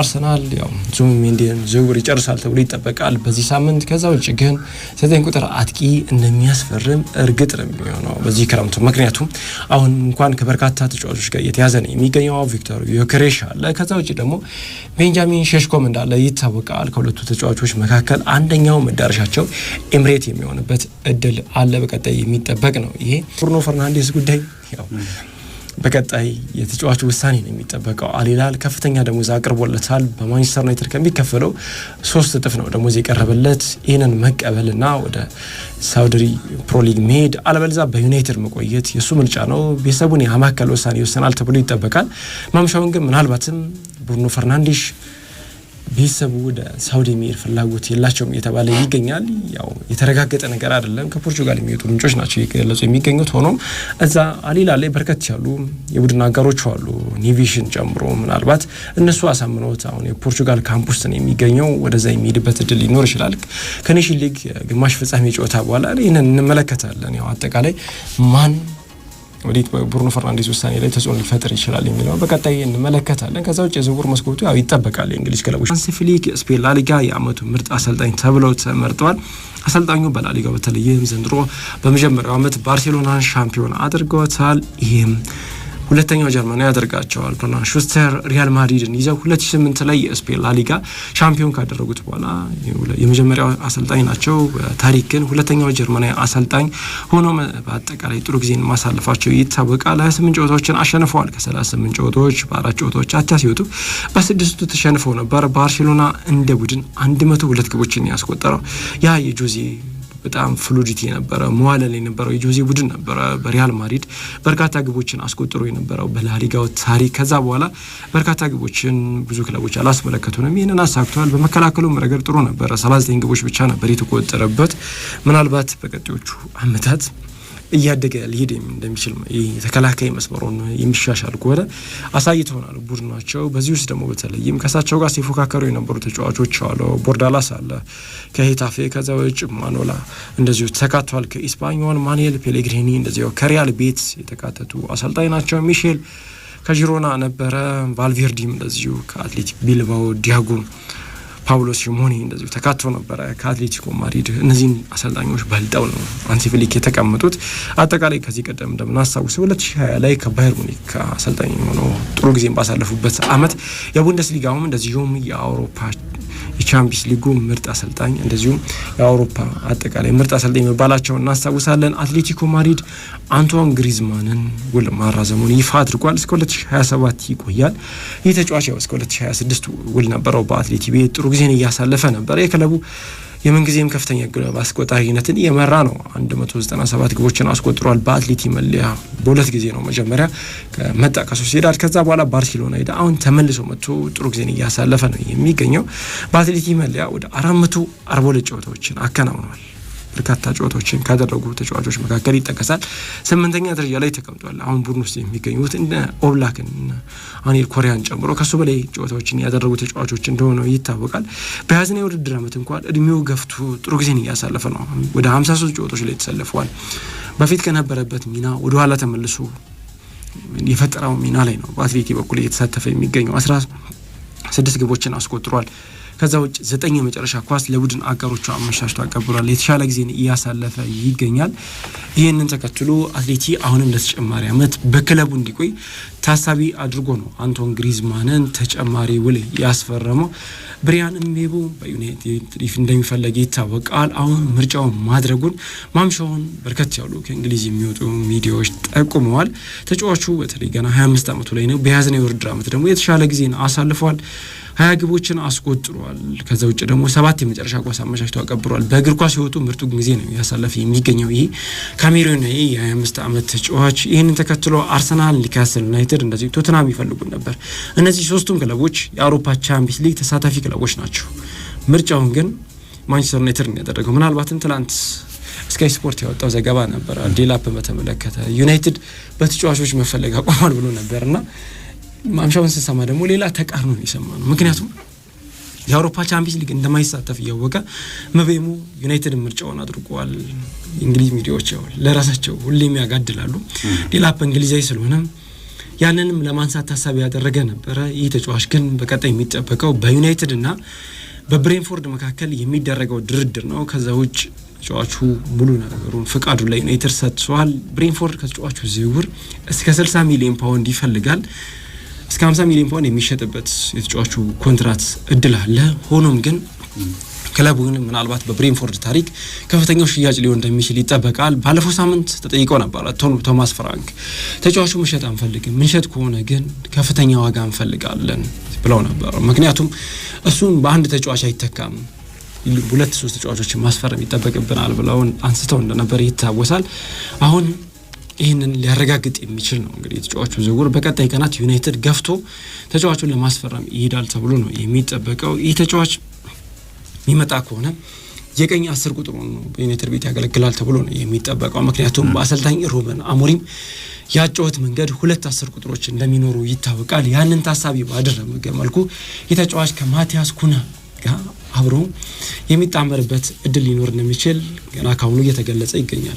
አርሰናል ያው ዙም ዝውውር ይጨርሳል ተብሎ ይጠበቃል በዚህ ሳምንት። ከዛ ውጭ ግን ዘጠኝ ቁጥር አጥቂ እንደሚያስፈርም እርግጥ ነው የሚሆነው በዚህ ክረምቱ። ምክንያቱም አሁን እንኳን ከበርካታ ተጫዋቾች ጋር የተያዘ ነው የሚገኘው። ቪክቶር ዮከሬሽ አለ። ከዛ ውጭ ደግሞ ቤንጃሚን ሸሽኮም እንዳለ ይታወቃል። ከሁለቱ ተጫዋቾች መካከል አንደኛው መዳረሻቸው ኤምሬት የሚሆንበት እድል አለ። በቀጣይ የሚጠበቅ ነው ይሄ ብሩኖ ፈርናንዴስ ጉዳይ ያው በቀጣይ የተጫዋቹ ውሳኔ ነው የሚጠበቀው። አሊላል ከፍተኛ ደሞዝ አቅርቦለታል። በማንቸስተር ዩናይትድ ከሚከፈለው ሶስት እጥፍ ነው ደሞዝ የቀረበለት። ይህንን መቀበልና ወደ ሳውዲ ፕሮሊግ መሄድ አለበለዚያ በዩናይትድ መቆየት የእሱ ምርጫ ነው። ቤተሰቡን ያማከለ ውሳኔ ይወሰናል ተብሎ ይጠበቃል። ማምሻውን ግን ምናልባትም ብሩኖ ፈርናንዴሽ ቤተሰቡ ወደ ሳውዲ የሚሄድ ፍላጎት የላቸውም እየተባለ ይገኛል። ያው የተረጋገጠ ነገር አይደለም። ከፖርቹጋል የሚወጡ ምንጮች ናቸው የገለጹ የሚገኙት። ሆኖም እዛ አሊላ ላይ በርከት ያሉ የቡድን አጋሮች አሉ፣ ኒቪሽን ጨምሮ። ምናልባት እነሱ አሳምኖት አሁን የፖርቹጋል ካምፕ ውስጥ ነው የሚገኘው፣ ወደዛ የሚሄድበት እድል ሊኖር ይችላል። ከኔሽን ሊግ ግማሽ ፍጻሜ ጨዋታ በኋላ ይህንን እንመለከታለን። ያው አጠቃላይ ማን ወዴት በብሩኖ ፈርናንዴዝ ውሳኔ ላይ ተጽዕኖ ሊፈጥር ይችላል የሚለው በቀጣይ እንመለከታለን። ከዛ ውጭ የዝውውር መስኮቱ ያው ይጠበቃል። የእንግሊዝ ክለቦች ሃንሲ ፍሊክ ስፔን ላሊጋ የአመቱ ምርጥ አሰልጣኝ ተብለው ተመርጠዋል። አሰልጣኙ በላሊጋው በተለይም ዘንድሮ በመጀመሪያው አመት ባርሴሎናን ሻምፒዮን አድርገውታል። ይህም ሁለተኛው ጀርመን ያደርጋቸዋል። ፐርላን ሹስተር ሪያል ማድሪድን ይዘው 2008 ላይ የስፔን ላሊጋ ሻምፒዮን ካደረጉት በኋላ የመጀመሪያው አሰልጣኝ ናቸው። ታሪክ ግን ሁለተኛው ጀርመናዊ አሰልጣኝ ሆኖ በአጠቃላይ ጥሩ ጊዜን ማሳለፋቸው ይታወቃል። 28 ጨዋታዎችን አሸንፈዋል። ከ38 ጨዋታዎች በአራት ጨዋታዎች አቻ ሲወጡ በስድስቱ ተሸንፈው ነበር። ባርሴሎና እንደ ቡድን 102 ግቦችን ያስቆጠረው ያ የጆዜ በጣም ፍሉዲቲ የነበረ መዋለል የነበረው የጆዜ ቡድን ነበረ። በሪያል ማድሪድ በርካታ ግቦችን አስቆጥሮ የነበረው በላሊጋው ታሪክ። ከዛ በኋላ በርካታ ግቦችን ብዙ ክለቦች አላስመለከቱንም፣ ይህንን አሳክተዋል። በመከላከሉም ረገድ ጥሩ ነበረ። 79 ግቦች ብቻ ነበር የተቆጠረበት። ምናልባት በቀጤዎቹ አመታት እያደገ ሊሄድ እንደሚችል ተከላካይ መስመሩን የሚሻሻል ከሆነ አሳይተውናል ቡድናቸው። በዚህ ውስጥ ደግሞ በተለይም ከእሳቸው ጋር ሲፎካከሩ የነበሩ ተጫዋቾች አሉ። ቦርዳላስ አለ ከሄታፌ፣ ከዛ ውጭ ማኖላ እንደዚሁ ተካቷል። ከኢስፓኞል ማንኤል ፔሌግሪኒ እንደዚሁ ከሪያል ቤት የተካተቱ አሰልጣኝ ናቸው። ሚሼል ከጂሮና ነበረ። ቫልቬርዲም እንደዚሁ ከአትሌቲክ ቢልባው ዲያጎ ፓውሎ ሲሞኔ እንደዚሁ ተካቶ ነበረ ከአትሌቲኮ ማድሪድ። እነዚህን አሰልጣኞች በልጠው ነው አንሲ ፍሊክ የተቀመጡት። አጠቃላይ ከዚህ ቀደም እንደምናስታውሰው 2020 ላይ ከባየር ሙኒክ አሰልጣኝ ሆኖ ጥሩ ጊዜ ባሳለፉበት ዓመት የቡንደስሊጋውም እንደዚሁም የአውሮፓ የቻምፒየንስ ሊጉ ምርጥ አሰልጣኝ እንደዚሁም የአውሮፓ አጠቃላይ ምርጥ አሰልጣኝ መባላቸው እናስታውሳለን። አትሌቲኮ ማድሪድ አንቷን ግሪዝማንን ውል ማራዘሙን ይፋ አድርጓል። እስከ 2027 ይቆያል። ይህ ተጫዋች ያው እስከ 2026 ውል ነበረው በአትሌቲ ቤት ጥሩ ጊዜ ጊዜን እያሳለፈ ነበር። የክለቡ የምንጊዜም ከፍተኛ ግብ አስቆጣሪነትን እየመራ ነው። 197 ግቦችን አስቆጥሯል። በአትሌቲ መለያ በሁለት ጊዜ ነው። መጀመሪያ መጣ ከሶሲዳድ፣ ከዛ በኋላ ባርሴሎና ሄደ። አሁን ተመልሶ መጥቶ ጥሩ ጊዜን እያሳለፈ ነው የሚገኘው። በአትሌቲ መለያ ወደ 442 ጨዋታዎችን አከናውኗል። በርካታ ጨዋታዎችን ካደረጉ ተጫዋቾች መካከል ይጠቀሳል። ስምንተኛ ደረጃ ላይ ተቀምጧል። አሁን ቡድን ውስጥ የሚገኙት እንደ ኦብላክን አኔል ኮሪያን ጨምሮ ከሱ በላይ ጨዋታዎችን ያደረጉ ተጫዋቾች እንደሆነ ይታወቃል። በያዝና የውድድር ዓመት እንኳን እድሜው ገፍቶ ጥሩ ጊዜን እያሳለፈ ነው። ወደ 53 ጨዋታዎች ላይ ተሰልፈዋል። በፊት ከነበረበት ሚና ወደኋላ ተመልሶ የፈጠረው ሚና ላይ ነው በአትሌቲ በኩል እየተሳተፈ የሚገኘው አስራ ስድስት ግቦችን አስቆጥሯል። ከዛ ውጭ ዘጠኝ የመጨረሻ ኳስ ለቡድን አጋሮቹ አመሻሽቶ አቀብሏል። የተሻለ ጊዜን እያሳለፈ ይገኛል። ይህንን ተከትሎ አትሌቲ አሁንም ለተጨማሪ ዓመት በክለቡ እንዲቆይ ታሳቢ አድርጎ ነው አንቶን ግሪዝማንን ተጨማሪ ውል ያስፈረመው። ብሪያን ምቤሞ በዩናይትድ እንደሚፈለግ ይታወቃል። አሁን ምርጫውን ማድረጉን ማምሻውን በርከት ያሉ ከእንግሊዝ የሚወጡ ሚዲያዎች ጠቁመዋል። ተጫዋቹ በተለይ ገና 25 ዓመቱ ላይ ነው። በያዝነው የውድድር ዓመት ደግሞ የተሻለ ጊዜን አሳልፏል። ሀያ ግቦችን አስቆጥሯል። ከዛ ውጭ ደግሞ ሰባት የመጨረሻ ኳስ አመቻችቶ አቀብሯል። በእግር ኳስ ህይወቱ ምርጡ ጊዜ ነው ያሳለፈ የሚገኘው ይሄ ካሜሮናዊ የ25 ዓመት ተጫዋች። ይህንን ተከትሎ አርሰናል፣ ኒካስል ዩናይትድ እንደዚህ ቶትናም ይፈልጉን ነበር። እነዚህ ሶስቱም ክለቦች የአውሮፓ ቻምፒየንስ ሊግ ተሳታፊ ክለቦች ናቸው። ምርጫውን ግን ማንቸስተር ዩናይትድ ነው ያደረገው። ምናልባትም ትላንት ስካይ ስፖርት ያወጣው ዘገባ ነበር ዴላፕን በተመለከተ ዩናይትድ በተጫዋቾች መፈለግ አቋማል ብሎ ነበር እና ማምሻውን ስንሰማ ደግሞ ሌላ ተቃርኖ ነው የሰማ ነው። ምክንያቱም የአውሮፓ ቻምፒየንስ ሊግ እንደማይሳተፍ እያወቀ መቤሙ ዩናይትድ ምርጫውን አድርጓል። እንግሊዝ ሚዲያዎች ያው ለራሳቸው ሁሌም ያጋድላሉ። ዴላፕ እንግሊዛዊ ስለሆነም ያንንም ለማንሳት ታሳቢ ያደረገ ነበረ። ይህ ተጫዋች ግን በቀጣይ የሚጠበቀው በዩናይትድ ና በብሬንፎርድ መካከል የሚደረገው ድርድር ነው። ከዛ ውጭ ተጫዋቹ ሙሉ ነገሩን ፍቃዱ ላይ ዩናይትድ ሰጥተዋል ብሬንፎርድ ከተጫዋቹ ዝውውር እስከ 60 ሚሊዮን ፓውንድ ይፈልጋል። እስከ 50 ሚሊዮን ፓውንድ የሚሸጥበት የተጫዋቹ ኮንትራት እድል አለ። ሆኖም ግን ክለቡን ምናልባት በብሬንፎርድ ታሪክ ከፍተኛው ሽያጭ ሊሆን እንደሚችል ይጠበቃል። ባለፈው ሳምንት ተጠይቆ ነበረ ቶማስ ፍራንክ ተጫዋቹ መሸጥ አንፈልግም፣ ምንሸጥ ከሆነ ግን ከፍተኛ ዋጋ እንፈልጋለን ብለው ነበረ። ምክንያቱም እሱን በአንድ ተጫዋች አይተካም ሁለት ሶስት ተጫዋቾችን ማስፈረም ይጠበቅብናል ብለውን አንስተው እንደነበር ይታወሳል። አሁን ይህንን ሊያረጋግጥ የሚችል ነው እንግዲህ የተጫዋቹ ዝውውር። በቀጣይ ቀናት ዩናይትድ ገፍቶ ተጫዋቹን ለማስፈረም ይሄዳል ተብሎ ነው የሚጠበቀው ይህ ተጫዋች የሚመጣ ከሆነ የቀኝ አስር ቁጥሩ ነው በዩናይትድ ቤት ያገለግላል ተብሎ ነው የሚጠበቀው። ምክንያቱም በአሰልጣኝ ሩበን አሞሪም ያጨወት መንገድ ሁለት አስር ቁጥሮች እንደሚኖሩ ይታወቃል። ያንን ታሳቢ ባደረገ መልኩ የተጫዋች ከማቲያስ ኩና ጋር አብሮ የሚጣመርበት እድል ሊኖር እንደሚችል ገና ካሁኑ እየተገለጸ ይገኛል።